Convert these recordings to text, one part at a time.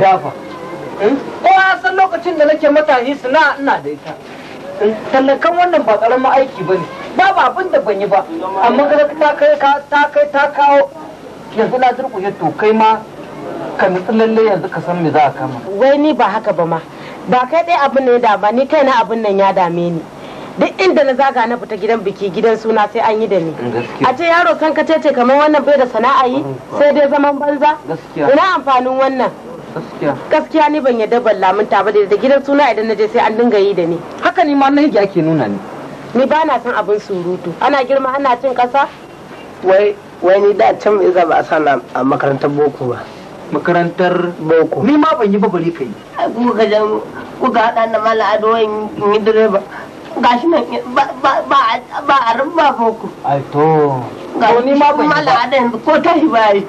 dafa eh? ko ya san lokacin da nake matashi suna ina da ita eh, tallakan wannan ba karamin aiki ba ne babu abin da ban yi ba amma kada ta kai ta kai ta kawo yanzu na ya to kai ma ka nutsu lalle yanzu ka san me za a kama wai ni ba haka ba ma ba kai dai abin ne da ba ni kaina abin nan ya dame ni duk inda na zaga na fita gidan biki gidan suna sai an yi da ni a ce yaro kan ka ce kamar wannan bai da sana'a yi mm-hmm. sai dai zaman banza ina amfanin wannan gaskiya ni ban yadda ban lamunta ba da gidan suna idan na je sai an dinga yi da ni haka ni ma nan ake nuna ni ni ba na son abin surutu ana girma ana cin kasa wai wai ni da can mai zaba a sana a makarantar boko ba makarantar boko ni ma ban yi ba bare kai ai kuma ka jan kuka hada na mala ado in yi direba gashi nan ba ba a rubba boko ai to ko ni ma ban yi ba ko tashi ba yi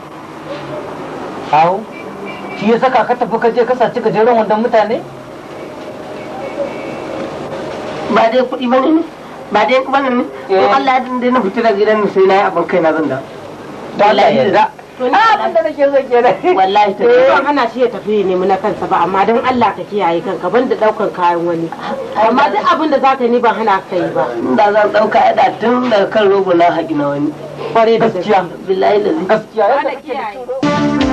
au shi ya saka ka tafi ka je ka saci gajeren wandon mutane ba dai kuɗi ba ne ba dai ba ne ko eh. Allah ya dai na fita da gidan sai na yi abin kai na zan da wallahi da abin da nake so kenan wallahi ta ce ban hana shi ya tafi ne mu na kansa ba amma don Allah ka kiyaye kanka ban da daukan kayan wani amma duk abin da zaka ni ban hana ka yi ba da zan dauka ada tun daga kan rogo na haƙi na wani kware da gaskiya billahi da gaskiya ya kiyaye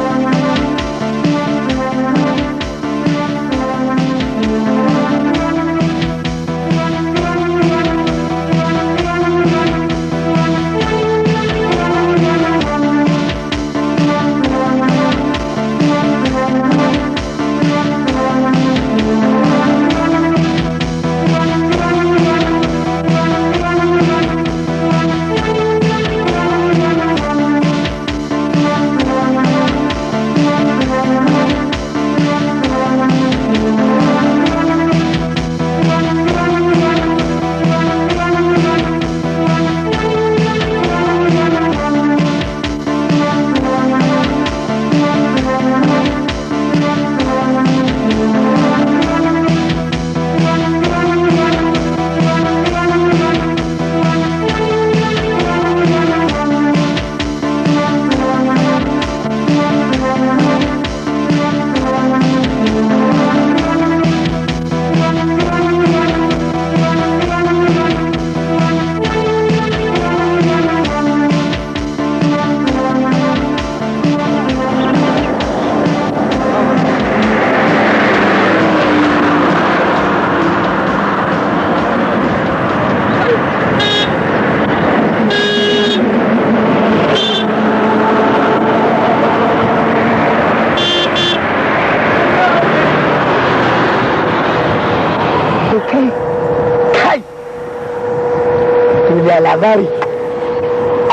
labari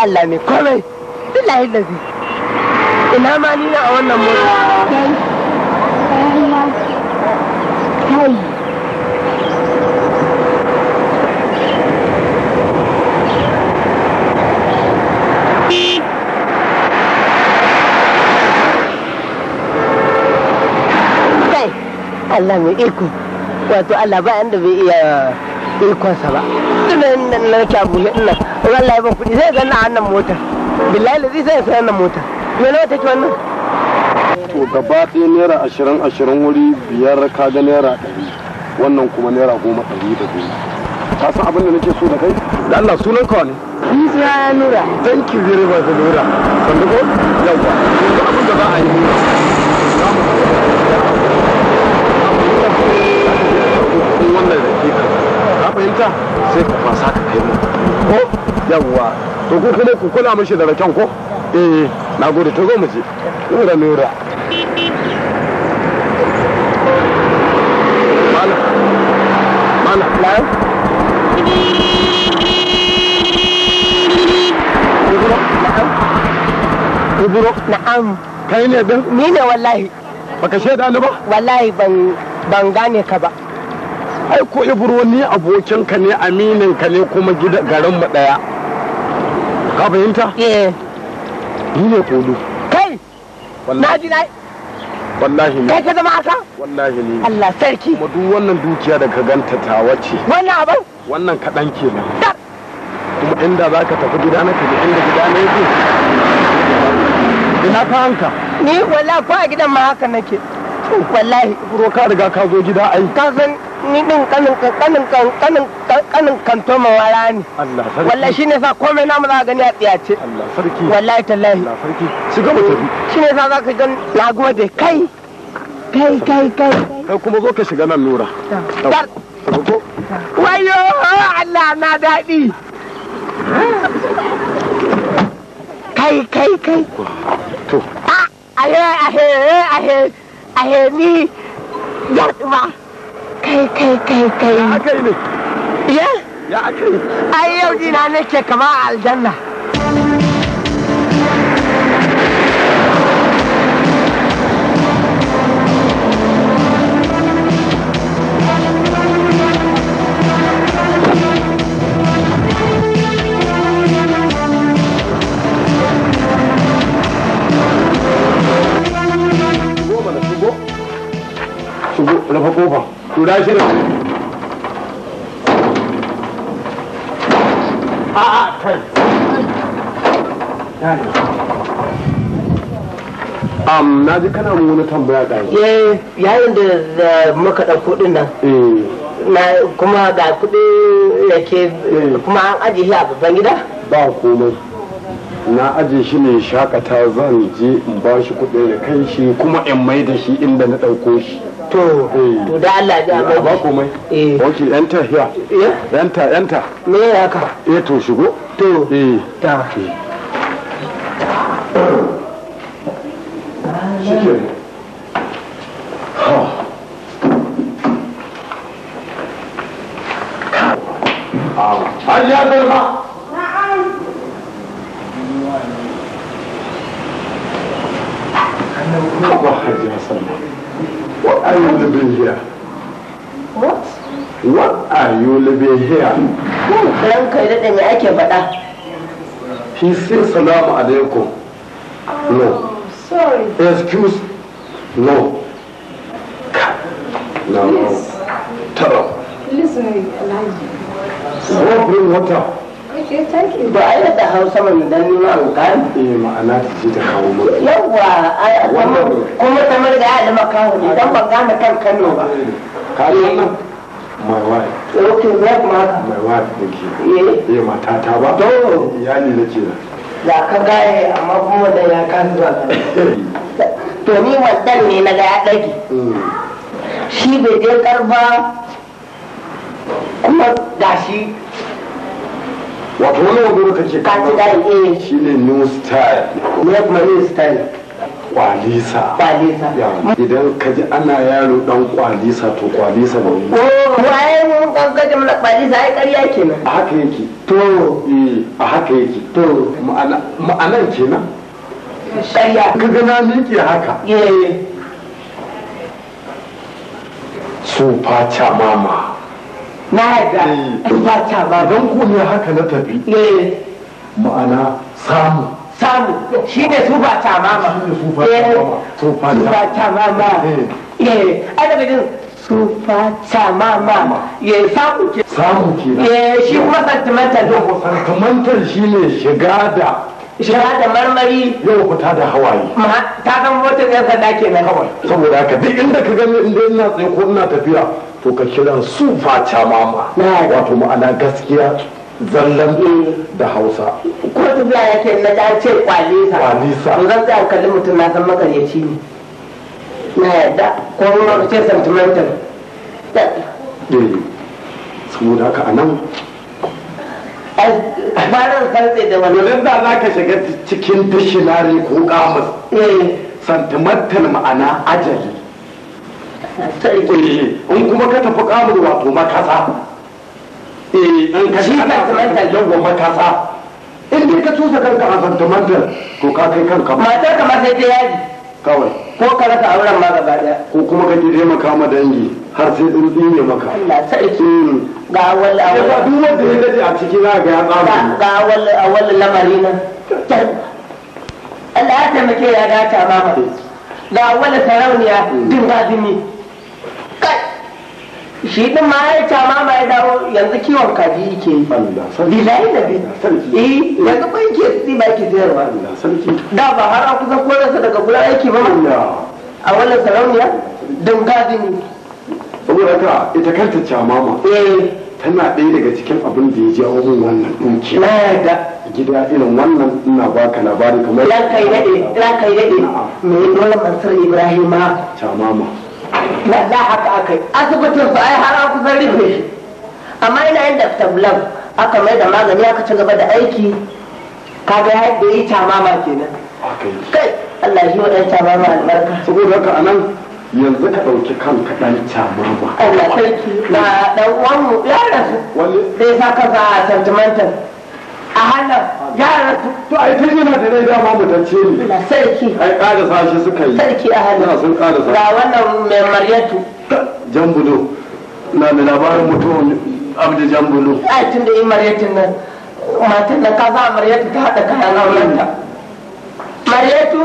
Allah mai komai billahi lazi ina ma ni na a wannan mota Allah mai iko wato Allah ba da bai iya ikonsa ba tunan nan na nake abuja ina wallahi ban kudi sai zanna na wannan motar billahi lazi sai sai wannan mota me nawa take wannan to gaba ɗaya naira ashirin ashirin wuri biyar ka ga naira ɗari wannan kuma naira goma ɗari da goma ka san abin da nake so da kai da Allah sunan ka ne ni suna nura thank you very much nura sanduko yau yanzu abin da za a yi nura ko yawwa to ku kada ku kula mishi da raken ko eh na gode to zo mu je nura nura mana mana layo Ibro na'am kai ne dan ni ne wallahi baka sheda ni ba wallahi ban ban gane ka ba ai ko ibro ni abokinka ne amininka ne kuma garin mu daya ka fahimta eh ni ne kodo kai na ji na wallahi ne kai ka zama aka wallahi ne Allah sarki kuma duk wannan dukiya da ka ganta ta wace wannan abin wannan kaɗan kenan kuma inda za ka tafi gida na tafi inda gida na yake ina ka hanka ni wallahi ko a gidan ma haka nake wallahi ko ka riga ka zo gida ai ka san ni din kanin kanin kanin kanin kanto mawara ne wallahi shine sa komai namu za gani a tsiyace Allah sarki wallahi tallahi Allah sarki shiga mu tafi shine sa zaka gani na gode kai kai kai kai kai kuma zo ka shiga nan lura wayo Allah na daɗi kai kai kai to a ahe ahe ahe ahe ni ya kai kai kai kai ya aka yi ne ya ya aka yi ai yau jina nake kama aljanna rufe kofa guda shida a a kai Am na ji kana mu wani tambaya eh, da yi. yayin da muka ɗauko ɗin nan eh. na kuma ga kuɗi ke eh. kuma an ajiye shi a babban gida ba komai na aje shi ne shakata zan je in ba shi kuɗin da kai shi kuma in mai da shi inda na ɗauko shi to eh. to da Allah da eh, ba komai eh enter here eh enter enter me ka. eh to shigo to eh ta ake faɗa he says salamu alaikum no oh, sorry excuse no no yes. tara listen alhaji so bring water Okay, thank you. Ba ai da Hausa mun dan nima an kan. Eh ma'ana ta ce ta kawo mu. yawa ai kuma kuma kamar ga ya da makaho ne dan ban gane kan Kano ba. Eh, ka yi my wife okay my wife eh mata ta ba to ni na ke ya ka gaye amma kuma da ya kan zuwa to ni wannan ne na ga ya dage mm. shi bai je karba kuma gashi wato wani wani kake kan ga eh shi ne new style ne kuma new style kwalisa kwalisa idan ka ji ana yaro dan kwalisa to kwalisa ba ko oh, waye ka ji mana kwalisa ai ƙarya kenan a haka yake to eh, a haka yake to ma'ana ma'anan kenan ƙarya ka ga na miƙe haka eh sufa cha mama na haifa su cha mama don ku ne haka na tafi eh ma'ana samu samu shi ne su ba tamama su ba tamama eh ana jin su ba tamama ya eh. eh, eh, samu ke samu ke eh shi kuma sentimental din sentimental shi ne shiga da shiga da marmari yau ta da hawaye ta san motar yan sanda nan kawai saboda haka duk inda ka gani inda ina tsaye ko ina tafiya to ka kiran su fata mama wato ma'ana gaskiya zallan da hausa ko tafiya ya ce na ce kwalisa kwalisa ko zan tsaya kalli mutum na san makaryaci ne na yadda ko kuma ka ce sentimental eh, saboda haka a nan bayan sarfe da wani yanzu da za ka shiga cikin dishinari ko kamus eh. sentimental ma'ana ajali eh, in kuma ka tafi kamun wato makasa eh an ka shi ka don gobe ka sa in dai ka tusa kanka a santimantar to ka kai kanka ba matar ka ma sai ta yaji kawai ko ka rasa auren ma gaba daya ko kuma ka ki maka ma dangi har sai tsuntsu ne maka Allah sarki hmm. ga wal awal ya duk wanda ya dace a ciki za ga ya tsama ga wal awal lamari nan Allah ya taimake ya dace mama ga wal sarauniya din hmm. shi din ma ya cama ma ya dawo yanzu kiwon kaji yake yi bilayi da bi eh, yanzu ba yake si ba yake ziyarwa da ba har an kusa korarsa daga gudan yake ba a wannan sarauniya don gadin saboda ka, ita kanta camama eh. tana ɗaya daga cikin abin da ya jawo min wannan ɗinki na yarda gida irin wannan ina baka labari kamar ranka kai daɗe ranka yi daɗe mai dole mansur ma? lalla haka aka yi asibitin su ai har an kusan rufe shi amma ina yin daftar blam aka mai da magani aka ci gaba da aiki ka ya da yi tamama kenan kai Allah shi wadan tamama albarka saboda haka anan yanzu ka ɗauki kanka ɗan tamama Allah sarki na ɗan uwan mu ya rasu wanda zai sa kansa a sentimental a halar yaran to ai tun yana da rai dama mutacce ne sarki ai karasa sashi suka yi sarki a halar sun karasa ga wannan mai maryatu jambulo na mai labarin mutuwan abda jambulo ai tun da yi maryatin nan matan nan ka za maryatu ta haɗa kayan aurenta maryatu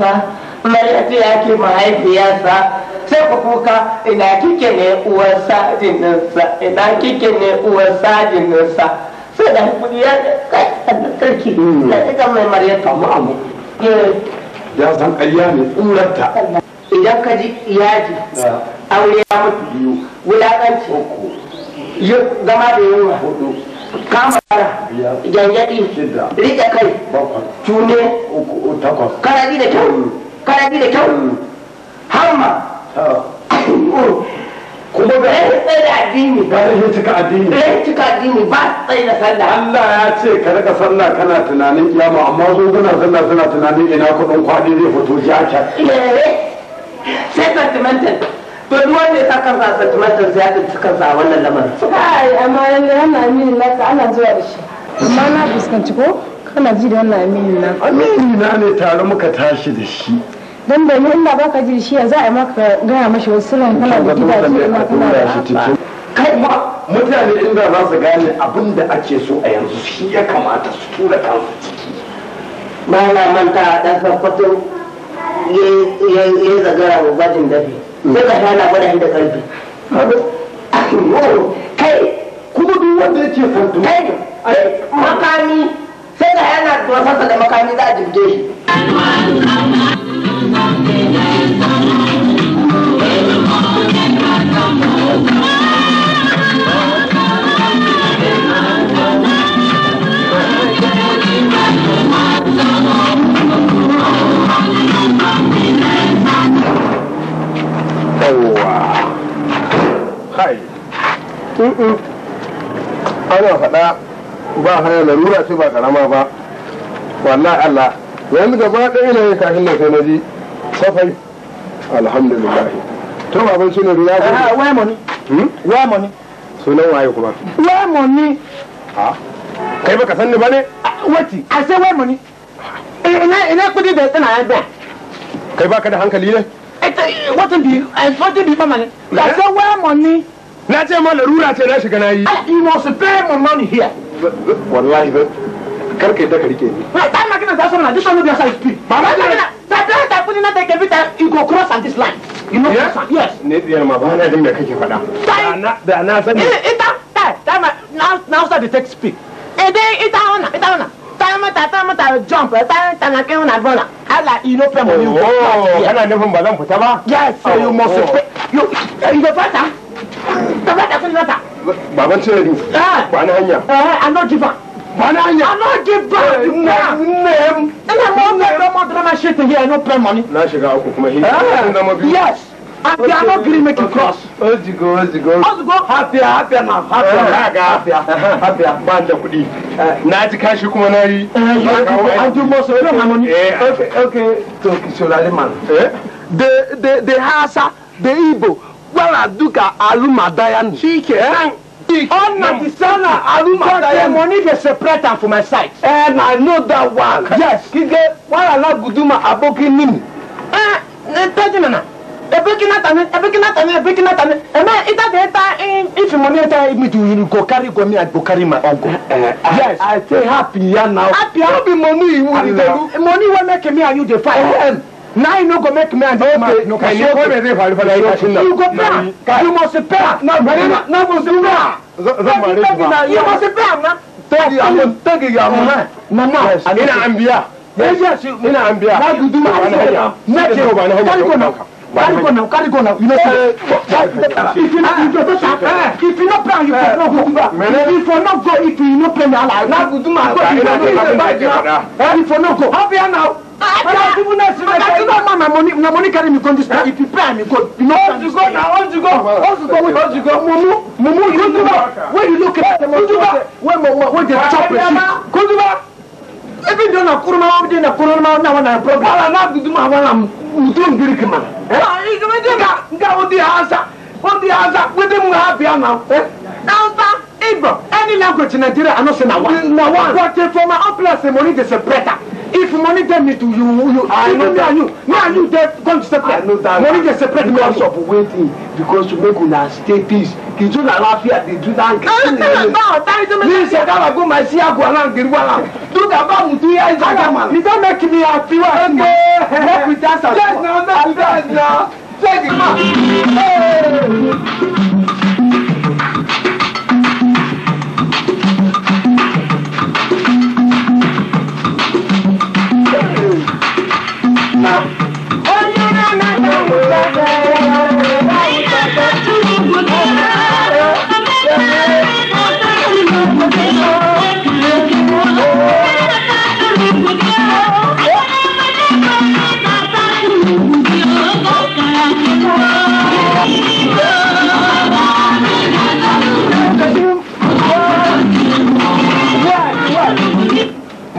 sa maryatu ya ke mahaifiyarsa sai ku kuka ina kike ne uwar sajinninsa ina kike ne uwar sajinninsa da dan ya kai sarki da hmm. mai mu'amu ya san ƙarya ne idan ka ji aure ya mutu biyu wulaƙanci gama da yunwa hudu gyangyaɗi riƙe kai tune karaɗi da kyau hmm. da kyau hmm. kuma ga ya tsaye da addini ba zai cika addini ba zai cika addini ba tsaye da sallah Allah ya ce ka rika sallah kana tunanin kiyama amma zo suna sallah suna tunanin ina kudin kwadi zai fito jaka eh, sai sentimental to duk wanda ya sa kansa sentimental sai ya tsinci kansa a wannan lamarin kai amma yanzu yana amini naka ana zuwa da shi amma na fuskanci ko kana ji da wannan amini na amini na ne tare muka tashi da shi don da yi Allah baka ji shi za a maka gaya mashi wasu ran kana da gidaje ma kana da kai ma mutane inda za su gane abin da ake so a yanzu shi ya kamata su tura kansu ciki ba na manta a ɗan farfato ya yi zagara wa gwajin dafi sai ka sha na da karfi kai kuma duk wanda yake son makami sai ka yana tuwa da makami za a jibge shi ana faɗa ba haya larura ce ba karama ba wallahi Allah yanzu gaba ɗaya ina yi kafin da sai na ji safai alhamdulillah to baban sunan riya ko ah, ah wai moni hmm? wai moni sunan waye kuma wai moni ha kai baka san ni bane ah, wati a sai wai moni eh, ina ina kudi da tsina ya da kai baka da hankali ne eh, eh, watan bi fatin bi mama ne a sai wai moni na ce ma larura ce na shiga na yi i ah, must pay my money here wallahi karka ka yadda ka ni ta magana da sauna this one no be as ba ma magana ta ta ta kuni na take bita you go cross on this line you know yes yes ne ma ba na jin da kake faɗa da na sani eh, ita ta ta ma now start the text speak ede eh, ita ona ita ona mata ta mata jump ta ta na kai una bola ala ino pe mo you go ana nufin ba zan fita ba yes so you must you eh, you go fata ta fata kun fata baban cire ah. ni ba na hanya eh i Bananya. I'm not give back the man. Name. And I'm not no more drama shit here. No pay money. Now she got okuma here. Yes. And they are not going to make you cross. Ozigo, ozigo. Ozigo. happy, happy, now. Happier. Eh, happy, happy, Banda kudi. Na ji kashi kuma na yi. I do most of the money. Eh, eh. Okay, okay. To kisolale man. The the the Hausa, the Igbo, well I do ka aluma dayan. Chike. All no. the son of Aruma Dayem. money they separate them from my side. And I know that one. Yes. Kige, why I love Guduma Aboki Nimi? Eh, tẹ́tí mi na. Ebeki nata mi, ebeki nata mi, ebeki nata mi. Eme ita de ita if money ita me to you go carry go me and go carry my uncle. Eh, eh, yes. I say happy ya now. Happy, I no be money you dey do. Money wey make me and you dey fight. Eh, Now you no go make me and okay. man. No, can you go me for for You go pray. You must pray. No, no, no, must No, You must No, Tagi ya mun No, ya mun. Mama, No, anbiya. Yes, yes, ina anbiya. Na gudu ma hanya. Na ce ba na hanya. Carry go now, carry go now. You know, uh, if you No, you just uh, if you not plan, you for not go back. If you not go, if you not plan, Allah. Now, do my. If you No, you not go, how be now? But even as you know, my money, my money carry me go this If you pay me go, you know. Hold go now, you go, hold you go, hold you go. Mumu, mumu, hold you go. When you look at them, hold you go. When mumu, they chop you na kuruma, even though na kuruma, na wana problem. Ala na bidu ma wana mutum biriki man. Eh? Nga nga odi haza, odi haza. Wede mu happy now. Eh? Now sir. Igbo, any language in Nigeria, I na one. Na one. But for my own place, money is a better. money them need to you. you I know me and you. Me and you, they going to separate. I know that. Money they separate because me of waiting. Because to make una stay peace. The do not laugh here. They do not. Please, I gotta go my see. I go along. Get along. Do the bad with you. I don't man. You don't make me happy. Okay. Work with us. Yes, no, no, yes, no. Take it. Hey. Bye.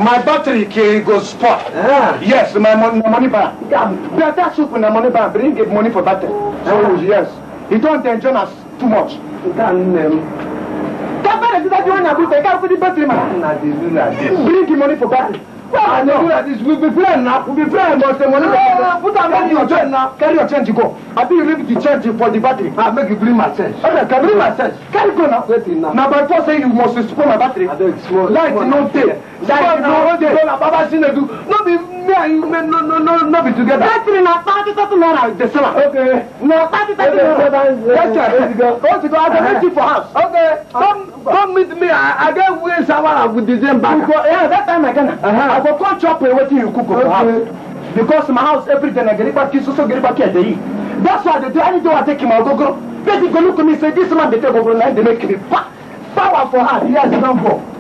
My battery can go spot. Ah. Yes, my, mon- my money ban. Damn. Better soup in the money ban. Bring give money for battery. So, ah. oh, yes. He don't enjoy us too much. Damn. them? ti dájú wọn you tẹ ká fún di for the battery man. Bring the money for battery. Well, I know that is we be friend now. We be friend, but the money. Uh, put am money your change now. Carry your change go. I be leave the change for the battery. I ah, make you bring my change. Okay, can bring my change. Carry go now. Wait now. Na by force say you must spoil my battery. I don't spoil. Light no dey. That Okay. for house. Okay. Come come uh-huh. for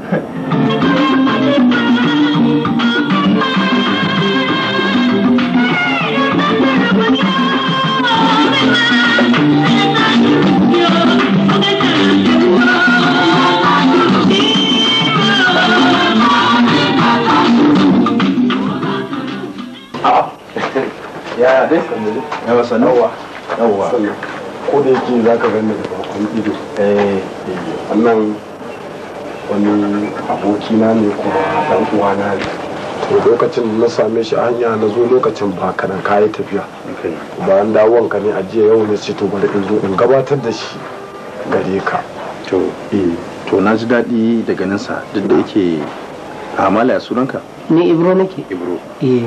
da yake za ka gani da bakon ido eh. wannan wani abokina ne kuma dan uwana ne lokacin na same shi a hanya na zo lokacin ba kana kai tafiya bayan dawon ka ne ajiya yau ne ce to bari in zo in gabatar da shi gare ka to eh. na ji daɗi da sa duk da yake amala sunanka ni ibro nake ibro eh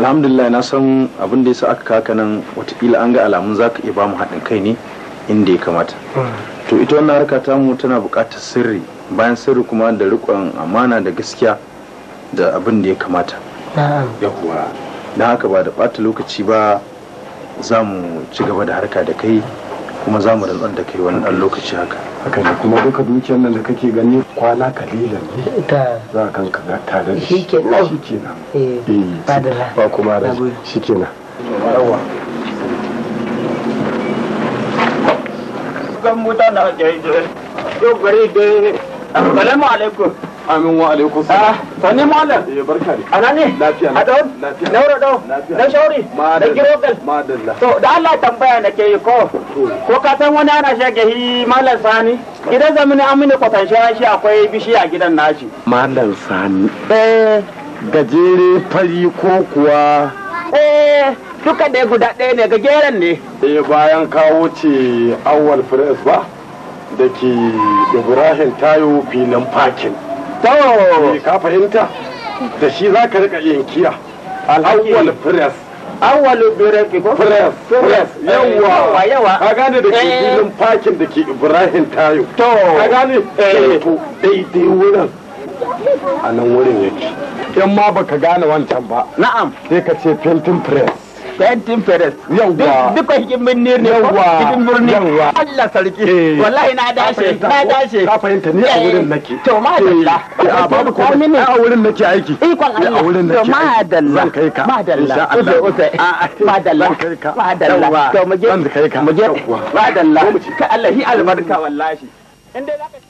alhamdulillah na san abin da yasa aka kaka nan watakila an ga alamun zaka ka iya ba mu haɗin kai ne inda ya kamata to ita wannan harka ta mu tana buƙatar sirri bayan sirri kuma da riƙon amana da gaskiya da abin da ya kamata yawwa don haka ba da ɓata lokaci ba za mu ci gaba da harka da kai kuma za mu rantsar da kai wani ɗan lokaci haka haka ne kuma duka dukiyar nan da kake gani kwana kalilan ne ta za kan ka ga tare da shi kenan shi kenan eh ba eh, da ba kuma da shi kenan yawa kan mutane da yo gari da assalamu alaikum amin wa alaikum salam ah, Sani ne mallam eh barka ne ana ne lafiya a dawon lafiya naura Lafiya. na shauri da girogal madalla to da Allah tambaya ke yi ko ko ka san wani ana shage hi mallam sani gidan zamani an mini kwatanshe shi akwai bishi a gidan nashi mallam sani eh gajere fari ko kuwa eh duka ɗaya guda ɗaya ne ga geren ne eh bayan kawo ce awwal firis ba da ke ibrahim tayo filin fakin to ka fahimta da shi za ka rika yankiya al'awwal press awwalu biraki ko press press eh, yawa yawa ka gane da ke eh. filin fakin da ke ibrahim tayo to ka gane to eh. daidai wurin a nan wurin yake in ma baka gane wancan ba na'am sai ka ce fentin press Fentin feres Yawwa. Duk hikin birni ne. ne kwa Hikin birni. Yawwa. Allah sarki. Eh. Wallahi na dace. Na dace. Ka fahimta ni a eh. wurin nake. To ma dalla. Eh, a babu ko ni a wurin nake aiki. eh kwan Allah. A wurin nake. Ma dalla. Zan kai ka. Ma dalla. Insha Allah. Ofe ofe. Ma dalla. Zan kai ka. Ma dalla. To mu je. Zan kai ka. Mu je. Ma dalla. Ka Allah hi albarka wallahi. In dai zaka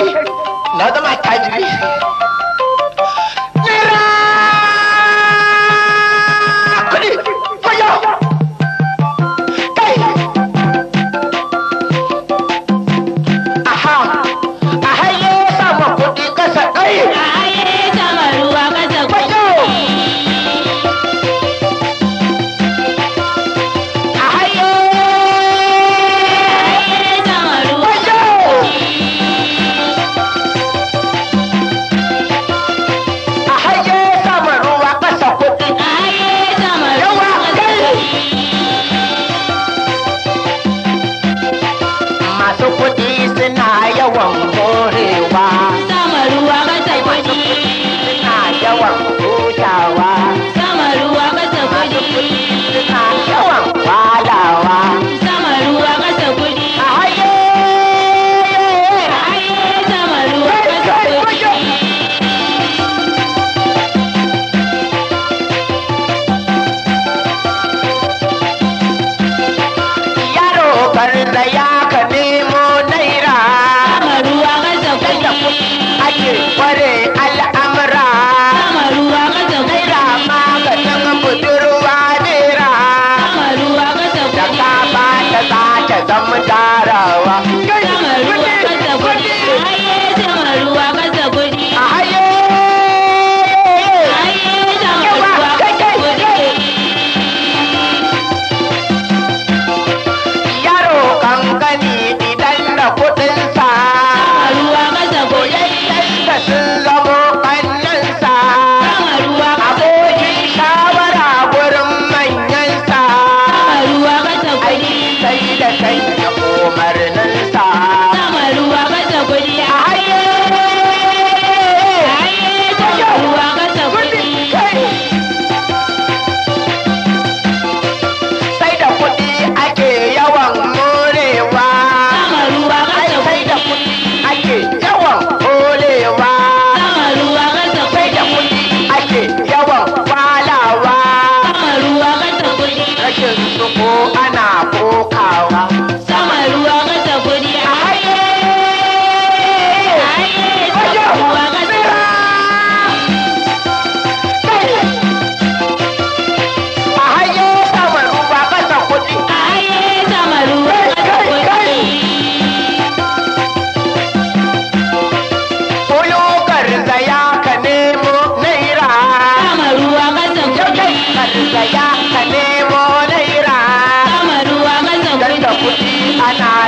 patient, not my tragedy.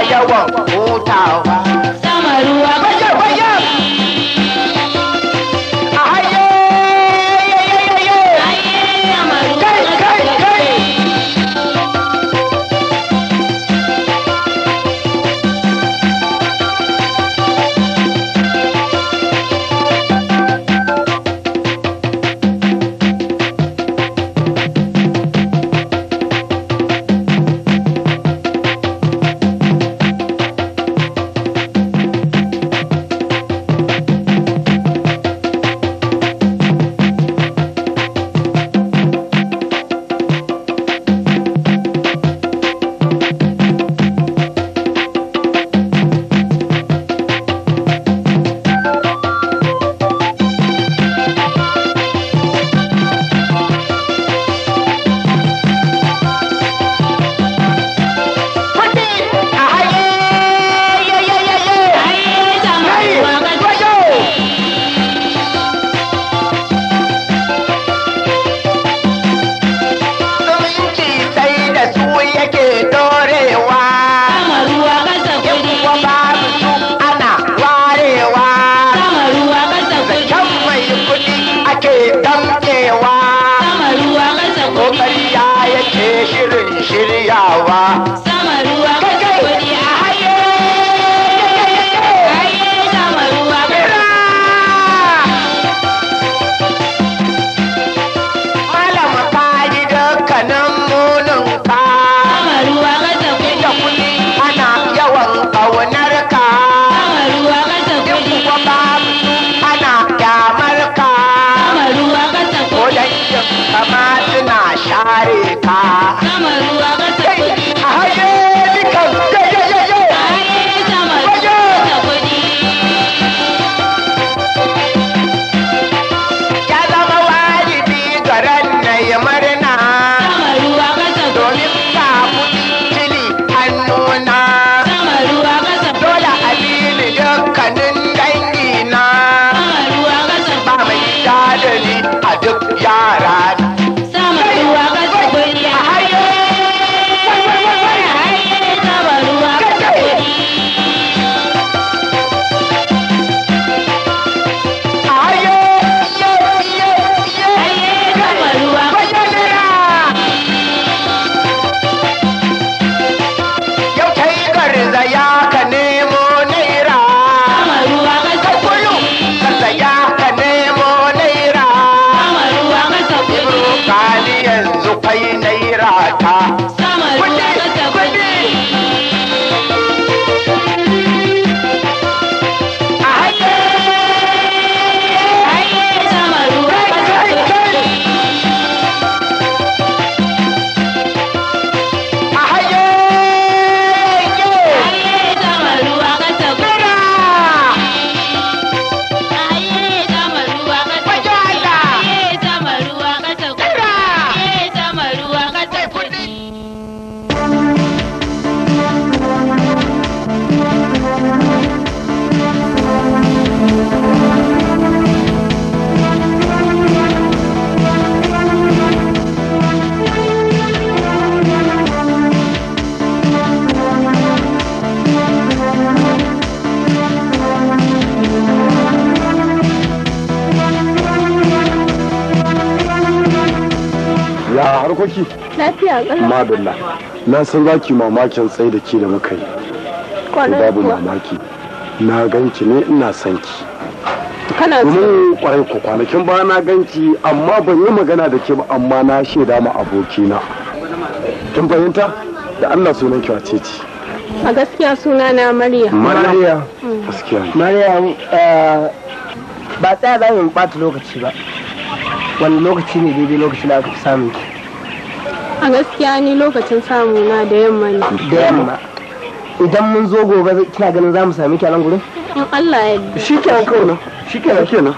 fire. Whoa. kwaki lafiya ƙalau madalla na san za ki mamakin tsaye da ke da muka yi babu mamaki na ganci ne ina son ki kana mun kwarai ku kwanakin ba na ganci amma ban yi magana da ke ba amma na shaida ma abokina kin fahimta da Allah sunan ki wace ce a gaskiya suna na Mariya Mariya mm. gaskiya Mariya eh, ba tsaya da yi bata lokaci ba wani lokaci ne daidai lokaci da aka fi samun ki a gaskiya ni lokacin samu na da yamma ne da yamma idan mun zo gobe kina ganin za mu sami kyalan a gurin in Allah ya yarda shi kenan kawai shi kenan kenan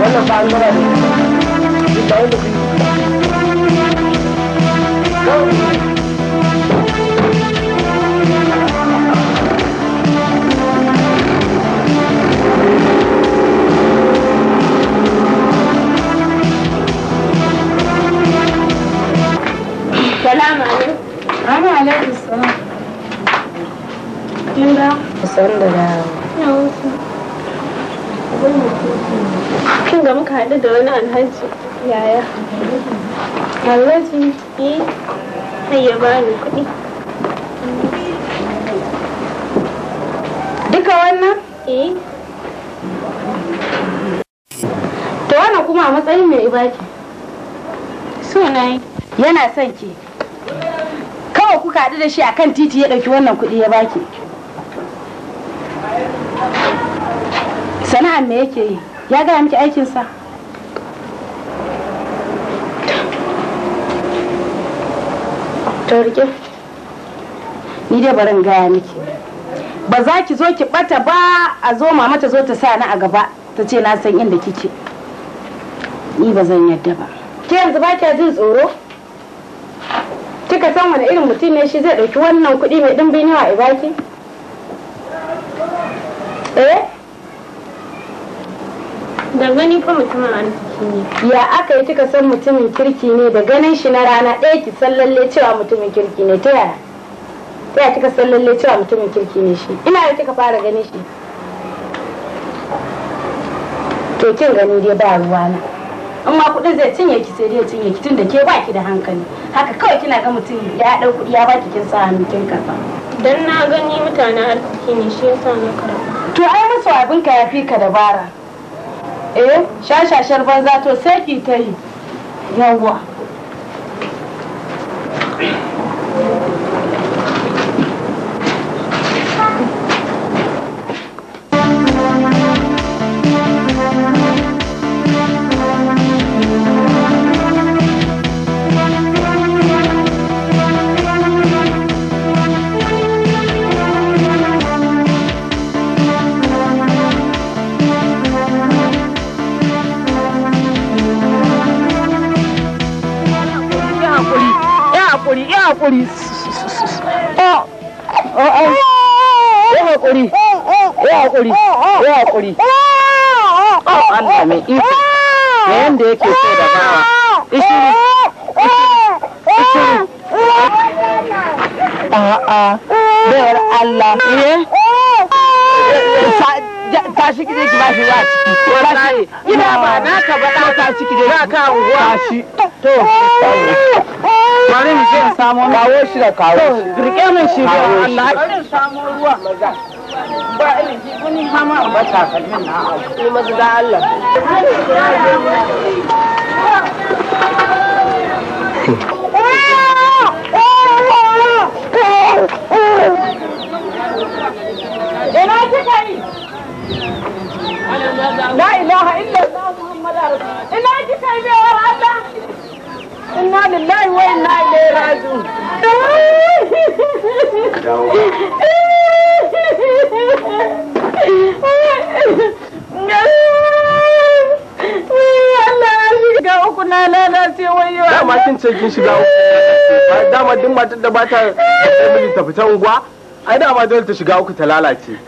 wannan ba gara ne da wanda Salamu alaikum. Ana alaikum salam. Kin da? San da Kin da muka haɗu da wani alhaji yaya. Alhaji? Eh. Sai ya bani kuɗi. Duka wannan? Eh. To wannan kuma a matsayin mai ibaki. So na yi. Yana son ki. kuka haɗu da shi a kan titi ya ɗauki wannan kuɗi ya baki sana'ar me yake yi ya gaya miki aikinsa rike ni dai barin gaya miki ba za ki zo ki bata ba a zo mama ta zo ta sa ni a gaba ta ce na san inda kike ni ba zan yadda ba ke yanzu ba kya jin tsoro kika san wani irin mutum ne shi zai ɗauki wannan kuɗi mai ɗimbin yawa a baki eh da gani fa mutumin arziki ne ya aka yi kika san mutumin kirki ne da ganin shi na rana ɗaya ki san lalle cewa mutumin kirki ne ta yaya ta yaya kika san lalle cewa mutumin kirki ne shi ina yi kika fara ganin shi to kin gani dai ba ruwa na in ma kuɗin zai cinye ki sai dai cinye ki tun da ke baki da hankali haka kawai kina ga mutum ya dau kuɗi ya baki kin sa hannu kin karɓa dan na gani mutanen arziki ne shi yasa na karɓa to ai musu abin ka yafi ka dabara eh shashashar banza to sai ki ta yi yawwa haƙuri ya haƙuri ya haƙuri ya Allah mai iko eh, da yanda yake so da bawa eh, ishiru eh, a'a bayar Allah kije ki bashi ruwa ciki ina ba naka ba ta ba ka unguwa tashi to bari in je samo kawo shi da kawo shi rike min shi ba Allah in samo ruwa maza ba shi kun ba na maza da Allah Ina kika yi? La ilaha illallah Ina kika yi bewar Allah? inna lillahi wa inna ilaihi raji'un uku na lalace wayo dama kin ce kin shiga dama duk matar da ba ta ta fita unguwa ai dama dole ta shiga uku ta lalace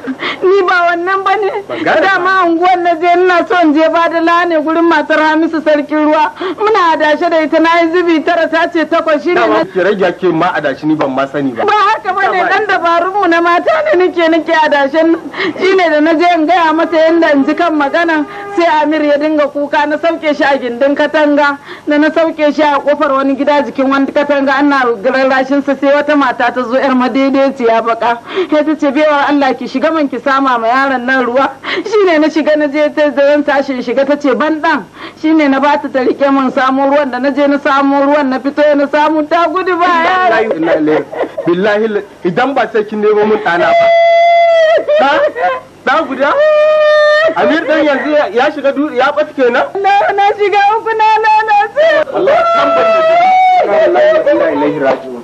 ni ba wannan ba ne dama unguwar na je ina so in je bada lane gurin matar hamisu sarkin ruwa muna adashe da ita na yi zubi tara ta ce takwas shi ne ki rage ke ma adashi ni ban ma sani ba ba haka ba ne dan dabarun mu na mata ne nake nake adashen shi ne da na je in gaya mata yadda in ji kan magana sai amir ya dinga kuka na sauke shi a gindin katanga da na sauke shi a kofar wani gida jikin wani katanga ana rarrashin sa sai wata mata ta zo yar madaidaiciya baka faɗa ya ta ce bewar Allah ki shiga man ki sama ma yaron nan ruwa shine na shiga na je ta zan tashin shiga ta ce ban dan shine na bata ta rike man samu ruwan da na je na samu ruwan na fito na samu ta gudu ba ya billahi idan ba sai kin nemo mun ɗana ba da guda Amir dan yanzu ya shiga dutse ya ɓata kenan? Na na shiga uku na na na sai. Allah kan ban da. Allah ya ilahi raji'un.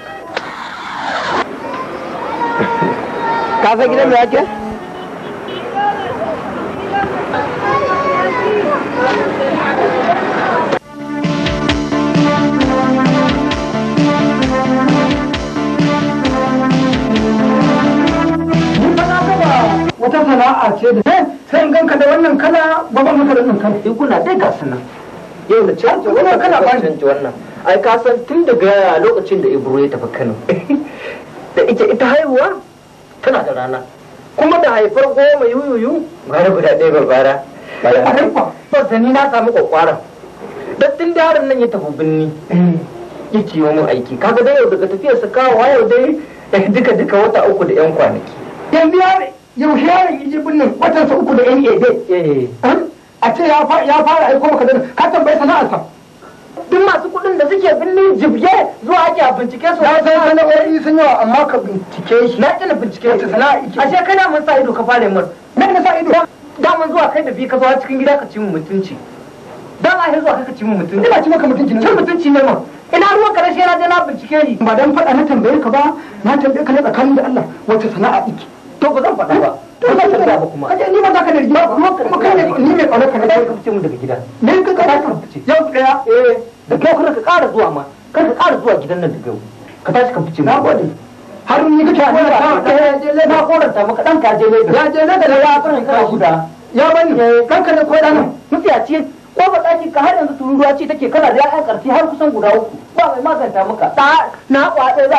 ka san gidan mai ake wata sana'a ce da eh, sai in ganka da wannan kala baban maka da kala riguna eh, dai ga suna yau da canji wannan kala ba canji wannan ai ka san tun daga lokacin da ibro ya tafi Kano da ita ita haihuwa tana da rana kuma da haifar goma yuyuyu mara guda ɗaya barbara ba zani na samu kwakwara dattin yaron nan ya tafi binni ya yi mu aiki kaga da yau daga tafiyar su kawo yau dai eh, duka duka wata uku da yan kwanaki yanzu yaron yaushe yaron ya je binnin watan su uku da yan ebe eh. a ce ya fara aiko maka da ka tambayi sana'arsa duk masu kuɗin da suke binne jibge zuwa ake a bincike su na san sana'o'i sun yawa amma ka bincike shi na kina bincike shi sana'a ike ashe kana mun sa ido ka fara mun na na sa ido daman zuwa kai da bi ka zo cikin gida ka ci mu mutunci dan a zuwa kai ka ci mu mutunci ina ci maka mutunci ne cin mutunci ne ma ina ruwa ka rashe na je na bincike ni ba dan faɗa na tambaye ka ba na tambaye ka ne tsakanin da Allah wace sana'a ike to ba zan faɗa ba to zan faɗa ba kuma kaje ni ba za ka da rigima kuma kai ne ni mai kaunar ka ne ka fice mun daga gida ne ka ka ka fice yau daya eh da kai kuma ka ƙara zuwa ma kar ka ƙara zuwa gidan nan daga yau ka tashi ka fice mun nagode har ni ka tashi ka eh, je le na koranta maka dan eh. ka je le ya je ne da ya fara ka guda ya bani kan kanka ne ko dan mutiyaci ko ba ɗaki ka har yanzu tururuwa ce take kana da ya'yan ƙarfi har kusan guda uku ba mai maganta maka na kwaɗe za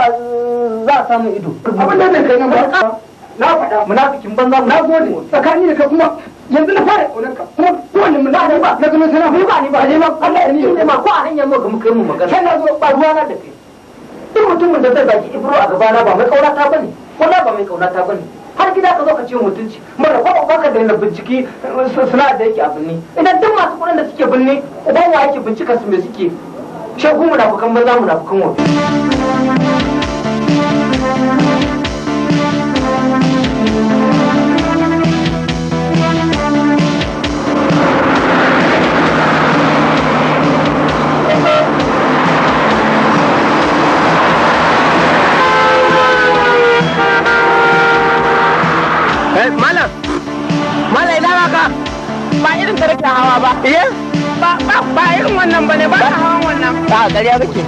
a samu ido abin da ne kai nan ba na faɗa munafikin banza na gode tsakani da ka kuma yanzu na fara kaunar ka kuma kowane munafiki ba na zama sana ba ni ba ne ma Allah ya ne ma ko a hanyar mu kuma kai mu magana kai na zo ba ruwa na da kai duk mutumin da zai baki ibro a gaba na ba mai kauna ta bane wallahi ba mai kauna ta bane har gida ka zo ka ce mutunci mara ko ba ka daina binciki suna da yake a binne idan duk masu kuɗin da suke binne uban wa yake bincika su me suke shehu munafukan banza munafukan wafi irin ta nake hawa ba iya ba ba ba irin wannan bane ba ta hawan wannan a ƙarya kake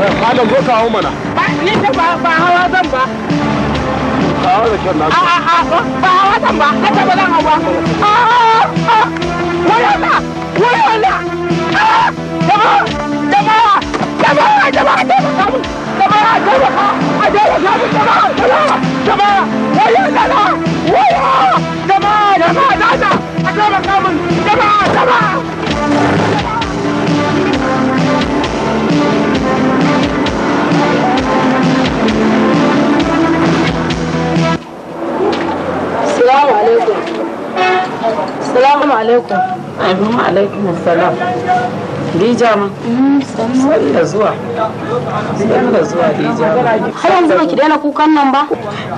eh, Malam zo kawo mana. Ba ni ta ba ba hawa zan ba. Kawo da kyan nasu. A a ba hawa zan ba. Ka ta ba zan hawa. A a wayona wayona. Jama'a jama'a. جماعة جماعة جماعة جماعة عدالة جماعة جماعة جماعة ويا جماعة ويا جماعة جماعة جماعة جماعة جماعة جماعة السلام عليكم السلام عليكم عليكم السلام Dija ma? Mhm. zuwa. Sai Har yanzu ba ki daina kukan nan ba?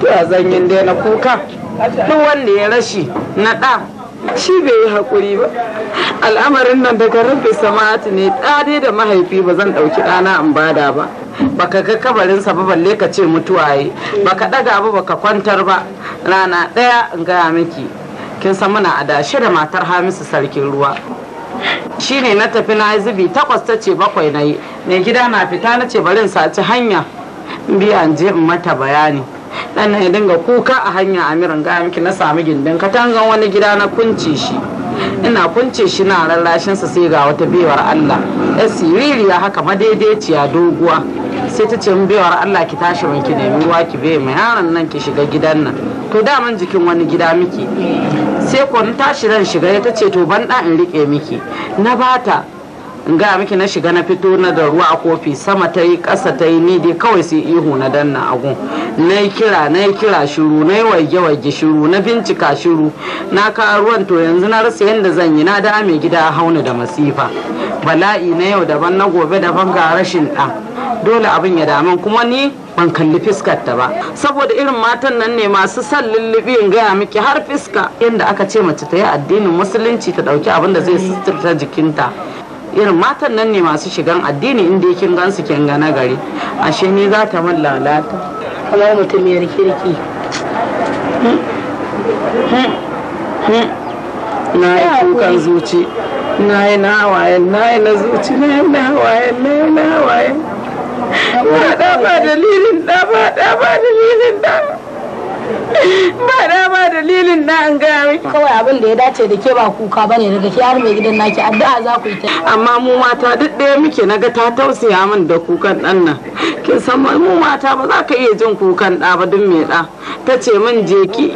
To ya zan yin daina kuka. Duk wanda ya rashi na ɗa shi bai yi hakuri ba al'amarin nan daga rabbi sama'atu ne ɗade da mahaifi ba zan ɗauki ɗana in bada ba baka ga kabarinsa ba balle ka ce mutuwa yi baka ɗaga ba baka kwantar ba rana ɗaya in gaya miki kin san muna adashe da matar hamisu sarkin ruwa shi ne na tafi na zubi takwas ta ce bakwai na yi mai gida na fita na ce barin saci hanya an je in mata bayani dan na ya dinga kuka a hanya amirin gaya miki na sami gindin katangan wani gida na kunce shi ina kunce shi na rarrashin sa sai ga wata biyar Allah ya siririya haka madaidaiciya doguwa sai ta ce biyar Allah ki tashi wanki nemi ruwa ki bai mai yaron nan ki shiga gidan nan to daman jikin wani gida miki sai kwan tashi ran shiga ya ta ce to ban in rike miki na bata in gaya miki na shiga na fito na da ruwa a kofi sama ta yi ƙasa ta yi ni dai kawai sai ihu na danna agun na yi kira na yi kira shiru na yi waige shiru na bincika shiru na kawo ruwan to yanzu na rasa yadda zan yi na da mai gida hauna da masifa bala'i na yau daban na gobe daban ga rashin ɗa dole abin ya damu kuma ni ban kalli fiskar ta ba saboda irin matan nan ne masu son lullubi in gaya miki har fiska yadda aka ce mace ta yi addinin musulunci ta ɗauki abin da zai suturta jikinta irin matan nan ne masu shigan addini inda kin gansu kin ga nagari ashe ni za ta min lalata mutum ya kirki na yi kukan zuci na yi na waye na yi na zuci na yi na waye na yi na waye ba ɗafa dalilin ɗafa ɗafa dalilin ɗafa ba da ba dalilin na an gaya kawai abin da ya dace da ke ba kuka bane daga ke har mai gidan naki addu'a za ku yi ta amma mu mata duk ɗaya muke na ga ta tausaya min da kukan ɗan nan kin san mu mata ba za ka iya jin kukan ɗa ba duk mai ɗa ta ce min je ki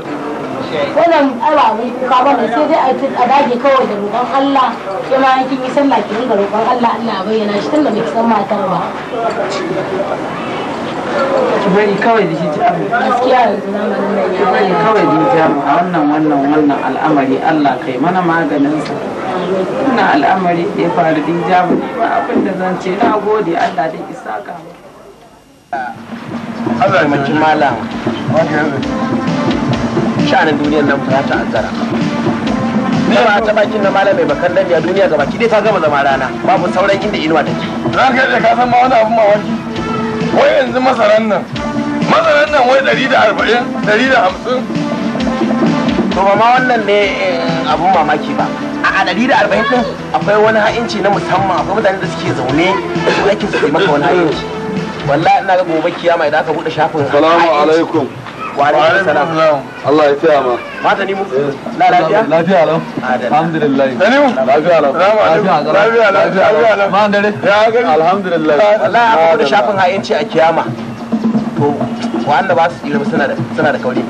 wannan ala ne kuka bane sai dai a dage kawai da roƙon Allah ke ma kin yi sallah ki ringa roƙon Allah Allah bayyana shi tunda muke san matar ba ki bari kawai da shi gaskiya kawai da shi a wannan wannan wannan al'amari Allah kai mana maganinsa wannan al'amari da ya faru da hijabi ba abin da zan ce na gode Allah da isa ka Allah ya maki malam sha'anin duniyar nan ba ta azara ne ba ta bakin na malam mai bakar dabiya duniya gaba ki dai ta gama zama rana babu sauran inda inuwa take ranka da ka san ma wani abu wani wai yanzu masaran nan masaran nan wai da hamsin to ba ma wannan ne eh, abun mamaki ba a dari da arba'in din akwai wani ha'inci na musamman akwai mutane da suke zaune su aikin su maka wani ha'inci wallahi ina ga gobe kiyama idan aka bude shafin salamu alaikum wa Allah ya tsaya mata ni eh. na lafiya lafiya lau alhamdulillah mu lafiya lau lafiya lau lafiya lau lafiya lau ma dare ya gani alhamdulillah shafin a kiyama to wanda ba su tsira suna da suna da kauri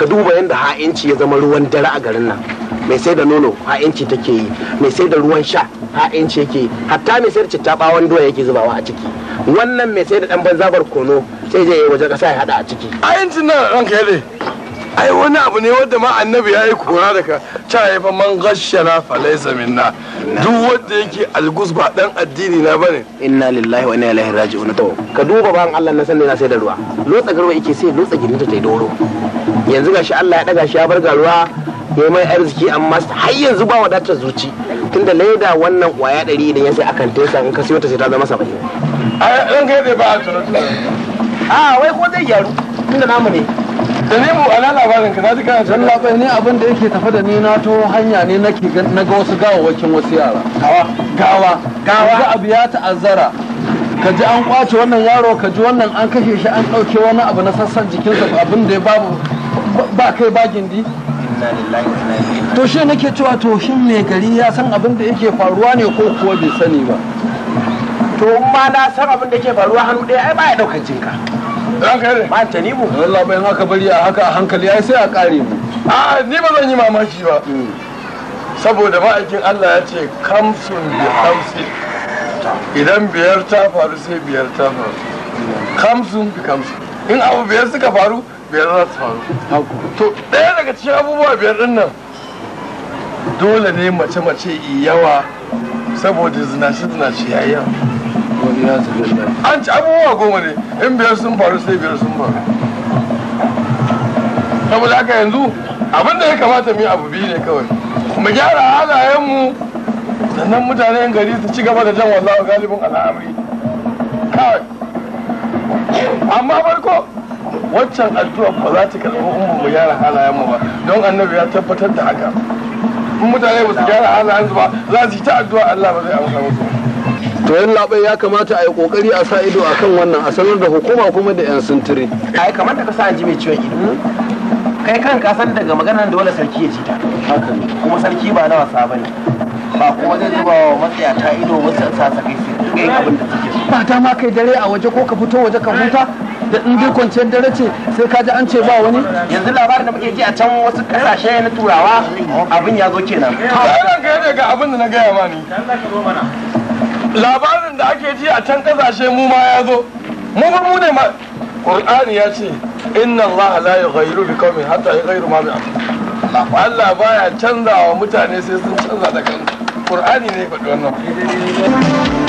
ka duba yadda ha'inci ya zama ruwan dare a garin nan mai sai da nono ha'inci take yi mai sai da ruwan sha ha'inci yake hatta mai sai da citta bawon doya yake zubawa a ciki wannan mai sai da dan banzabar kono sai zai waje kasa ya hada a ciki ayin nan ranka yade ai wani abu ne wanda ma annabi ya yi kora daga ca ya fa man gashana falaisa minna duk wanda yake algus ba dan addini na bane inna lillahi wa inna ilaihi raji'un to ka duba ban Allah na sanne na sai da ruwa lotsa garwa yake sai lotsa gidan ta yi doro yanzu gashi Allah ya daga shi ya bar ruwa ya mai arziki amma har yanzu ba wadatar zuci tunda laida wannan kwaya ɗari idan ya sai akan tesa in ka siyo ta sai ta zama sabai ai ɗan gaɗe ba a tunan a ah, wai ko zai gyaru tunda namu ne da ne mu ana labarin ka ji kana dan labai ne abin da yake tafe da ni na to hanya ne nake na ga wasu gawawakin wasu yara gawa gawa gawa ga abu ta ta'azzara ka ji an kwace wannan yaro ka ji wannan an kashe shi an ɗauke wani abu na sassan jikinsa abin da ya babu ba kai ba gindi to shi nake cewa to shin mai gari ya san abin da yake faruwa ne ko kuwa bai sani ba to ma na san abin da yake faruwa hannu ɗaya ai baya ɗaukar jinka ma tanibu Allah bayan haka bari a haka a hankali ai sai a kare mu a ni ba zan yi mamaki ba hmm. saboda ma'aikin Allah ya ce kamsun bi kamsi idan biyar ta faru sai biyar ta faru kamsun bi kamsi in abu biyar suka faru biyar za su faru to ɗaya daga cikin abubuwa biyar din nan dole ne mace-mace yawa saboda zinace-zinace yayi yawa an ci abubuwa goma ne in biyar sun faru sai biyar sun faru saboda haka yanzu abin da ya kamata mu yi abu biyu ne kawai mu gyara halayenmu sannan mutanen gari su ci gaba da jan wallahu galibin al'amari kawai amma farko waccan addu'a ba za ta karɓi in mu gyara halayenmu ba don annabi ya tabbatar da haka in mutane ba su gyara halayensu ba za su yi ta addu'a Allah ba zai amsa musu to yan labai ya kamata a yi kokari a sa ido a kan wannan a sanar da hukuma kuma da yan sintiri a yi kamar da ka sa ji mai ciwon ido kai kan ka daga maganar dole sarki ya ji ta kuma sarki ba na wasa ne ba kuma zai zuba wa matsayata ido wasu sa sakai su ga abin da suke so ba ta ma kai dare a waje ko ka fito waje ka huta da in dai kwanciyar dare ce sai ka ji an ce ba wani yanzu labarin da muke ji a can wasu kasashe na turawa abin ya zo kenan to ga abin da na gaya ma ni labarin da ake ji a can kasashe mu ma ya zo mu ba mu ne ma qur'ani ya ce inna allaha la yughayyiru bi qaumin hatta yughayyiru ma bi anfusihim Allah baya canzawa mutane sai sun canza da kansu qur'ani ne faɗi wannan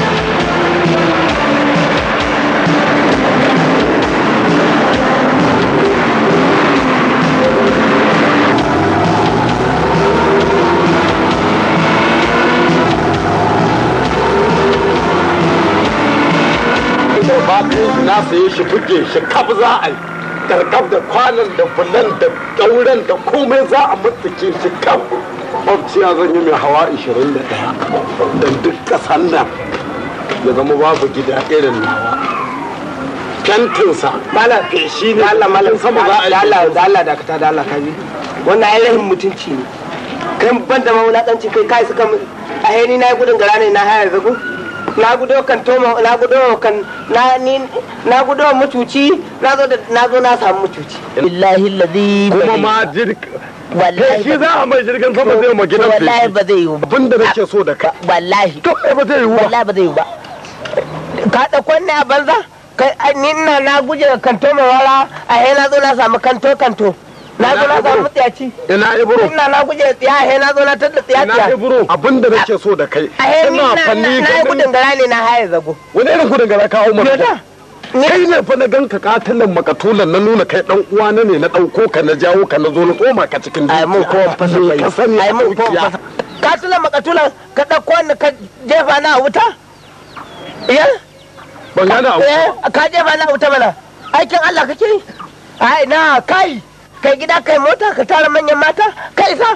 da ba ɗin na saye shi buge shi kaf za a yi karkaf da kwanan da bulan da dauran da komai za a mutuke shi kaf ofciya zan yi mai hawa 21 don duk kasan nan ya zama babu gida irin nawa kentinsa bala feshi ne Allah mala sama za a yi dala da Allah da ka da Allah ka bi wannan ai rahin mutunci ne kan ban da mawulakanci kai kai suka a ni na yi gudun gara ne na haya zagu na gudo kan toma na gudo kan na ni na gudo mutuci na zo na zo na samu mutuci billahi ladhi kuma ma jirka wallahi eh, shi za a mai jirgin sama zai ma gidan wallahi ba zai yiwu abin da nake so da ka wallahi to eh, ba zai yiwu wallahi ba zai yiwu ba ka da kwanne a banza kai ni ina na guje kan toma wala a na zo na samu kanto kanto na zo na samu tsiyaci ina ibro ina na guje tsiya he na zo na tada tsiya ina ibro abinda nake so da kai ina fanni ga na gudun gara ne na haye zago wani irin gudun gara ka umar kai ne fa na gan ganka katalan makatulan na nuna kai dan uwa na ne na dauko ka na jawo ka na zo na tsoma ka cikin ai mun ko fasa ka sani ai mun ko katalan makatulan ka dauko ni ka jefa na wuta iya ban gane eh, ka jefa na wuta bala aikin Allah kake ai na kai kai gida kai mota ka tara manyan mata kai sa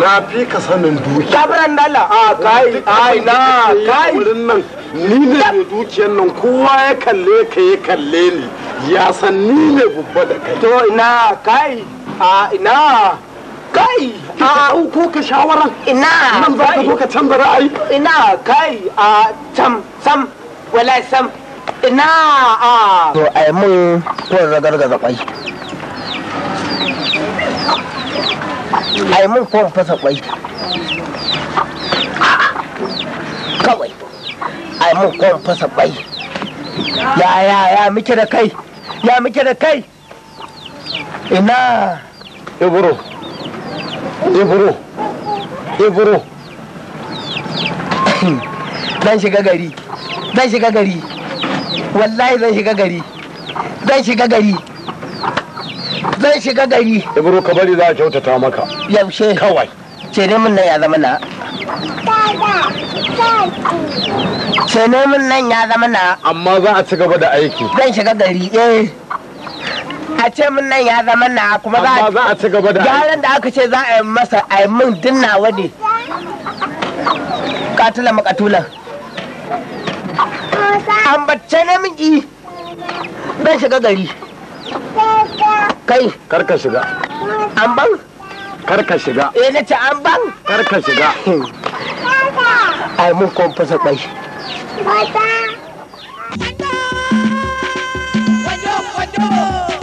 na fi ka sanin duki kabaran dala a kai ai na kai wurin nan ni ne mai dukiyar nan kowa ya kalle ka ya kalle ni ya san ni ne babba da kai to ina kai a ina kai a uku ka shawara. ina nan za ka zo ka canza ra'ayi ina kai a tam sam wallahi sam ina a to ai mun ko ragargaza kwai ai mun min fasa kwai kawai ai mun min fasa kwai ya ya ya muke da kai ya muke da kai ina ibro ibro ibro dan shiga gari dan shiga gari wallahi zan shiga gari zan shiga gari zai shiga gari ibro ka bari za a kyautata maka yaushe kawai ce ne min nan ya zama na ce ne min nan ya zama na amma za a ci gaba da aiki zan shiga gari eh a ce min nan ya zama na kuma za a ci gaba da gyaran da aka ce za a yi masa a yi min dinna wade katula makatula ambace na min zan shiga gari kai karka shiga an ban karka shiga eh na ce an ban karka shiga ai mun kwamfasa kwai Bata! Wajo, wajo!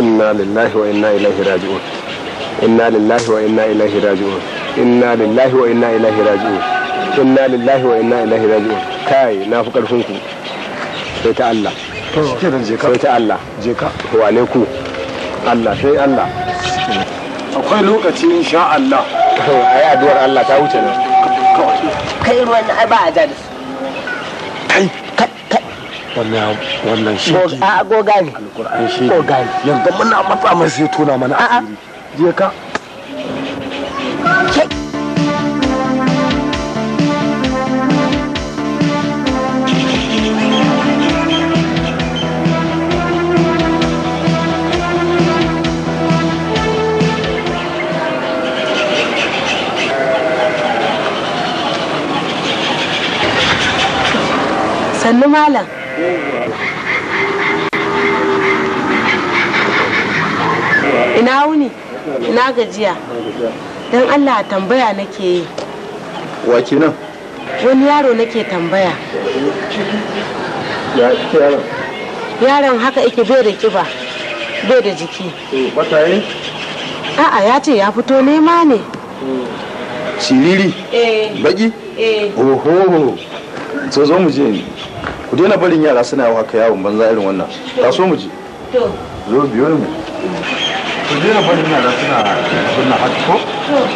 inna lillahi wa inna ilaihi raji'un inna lillahi wa inna ilaihi raji'un inna lillahi wa inna ilaihi raji'un kai na fi karfin ku sai ta Allah sai ta Allah je ka wa ne ku Allah sai Allah akwai lokaci insha Allah ai addu'ar Allah ta wuce ne kai ruwan ai ba a da kai wannan shi a goga ne alƙur'an shi goga ne yanzu muna matsa mai sai tona mana a je ka sannu malam ina wuni na gajiya don allah tambaya nake yi wace nan wani yaro nake tambaya yaron haka ike bai da kiba bai da jiki eh, a'a ya ce ya fito nema ne shiriri eh. baki eh. oho so zo mu je ne ku daina barin yara suna yawa haka yawon banza irin wannan so mu je zo biyo ne ku daina barin yara suna sunna haka ko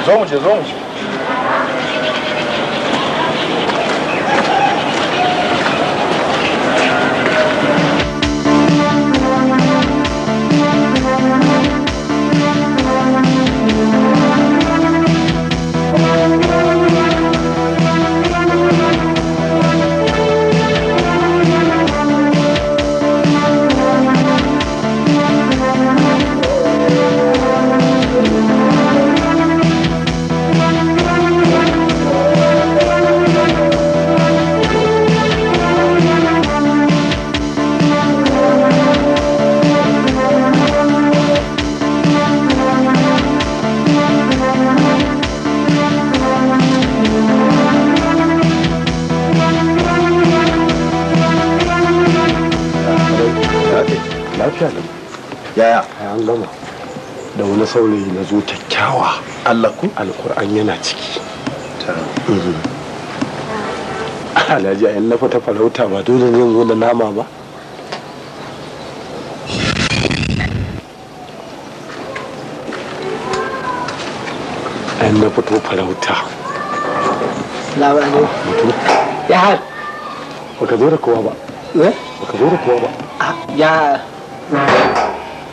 zo mu je zo mu je na saurayi na zo kyakkyawa Allah kun alkur'an yana ciki mhm. alhaji ayin na fata farauta ba dole ne zo da nama ba ayin na fito farauta ya har baka zo da kowa ba eh? baka zo da kowa ba ah, ya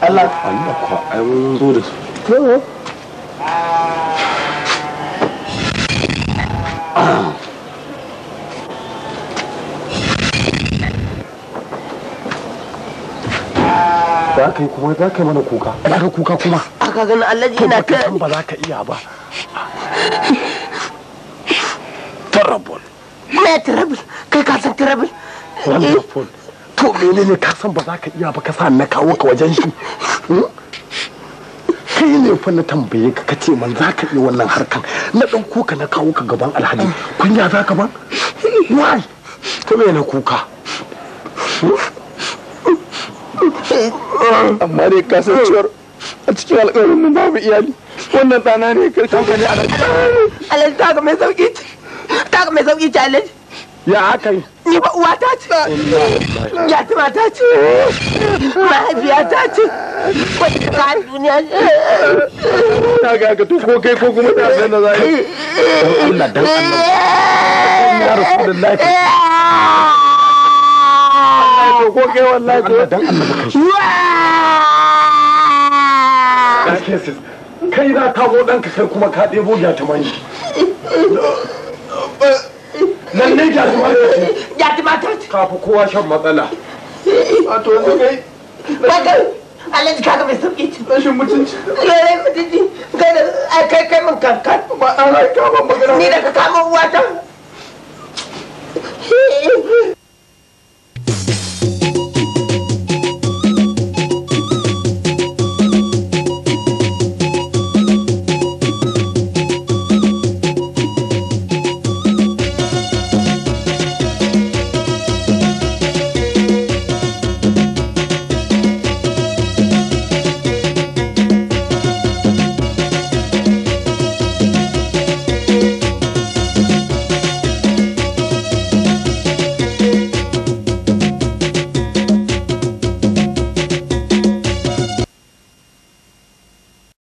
Allah Allah ko ai zo da su za kuma za ka yi mana kuka ka kuma aka gani yana ta ba za ka iya ba terrible terrible ka san terrible wonderful eh? to menene ka san ba za ka iya ba ka sa na kawo ka wajen shi hmm? kai ne fa na tambaye ka ka ce man za ka iya wannan harkan na dan kuka na kawo ka gaban alhaji kunya za ka ban wai to me na kuka amma dai ka san cewa a cikin alƙawarin mu babu iyali wannan ɗana ne ka kawo ne alhaji alhaji ta ga mai sauƙi ta ga mai ta challenge ya aka yi ni ba uwa ta ce ya tuma ta ce mahaifiya ta ce wata ka duniya ta ga ka to ko kai ko kuma ta san da za yi Allah dan Allah ya rasulullahi ko kai wallahi ko dan Allah ka kai za ka zo ɗanka kai kuma ka ɗebo ya ta ni lallai jatumar ka ce jatumar ta ce kowa shan matsala a to yanzu kai bakan alhaji kaga mai sauki ce rashin mutunci mutunci ai kai kai mun ba an rai kama magana ni kama uwata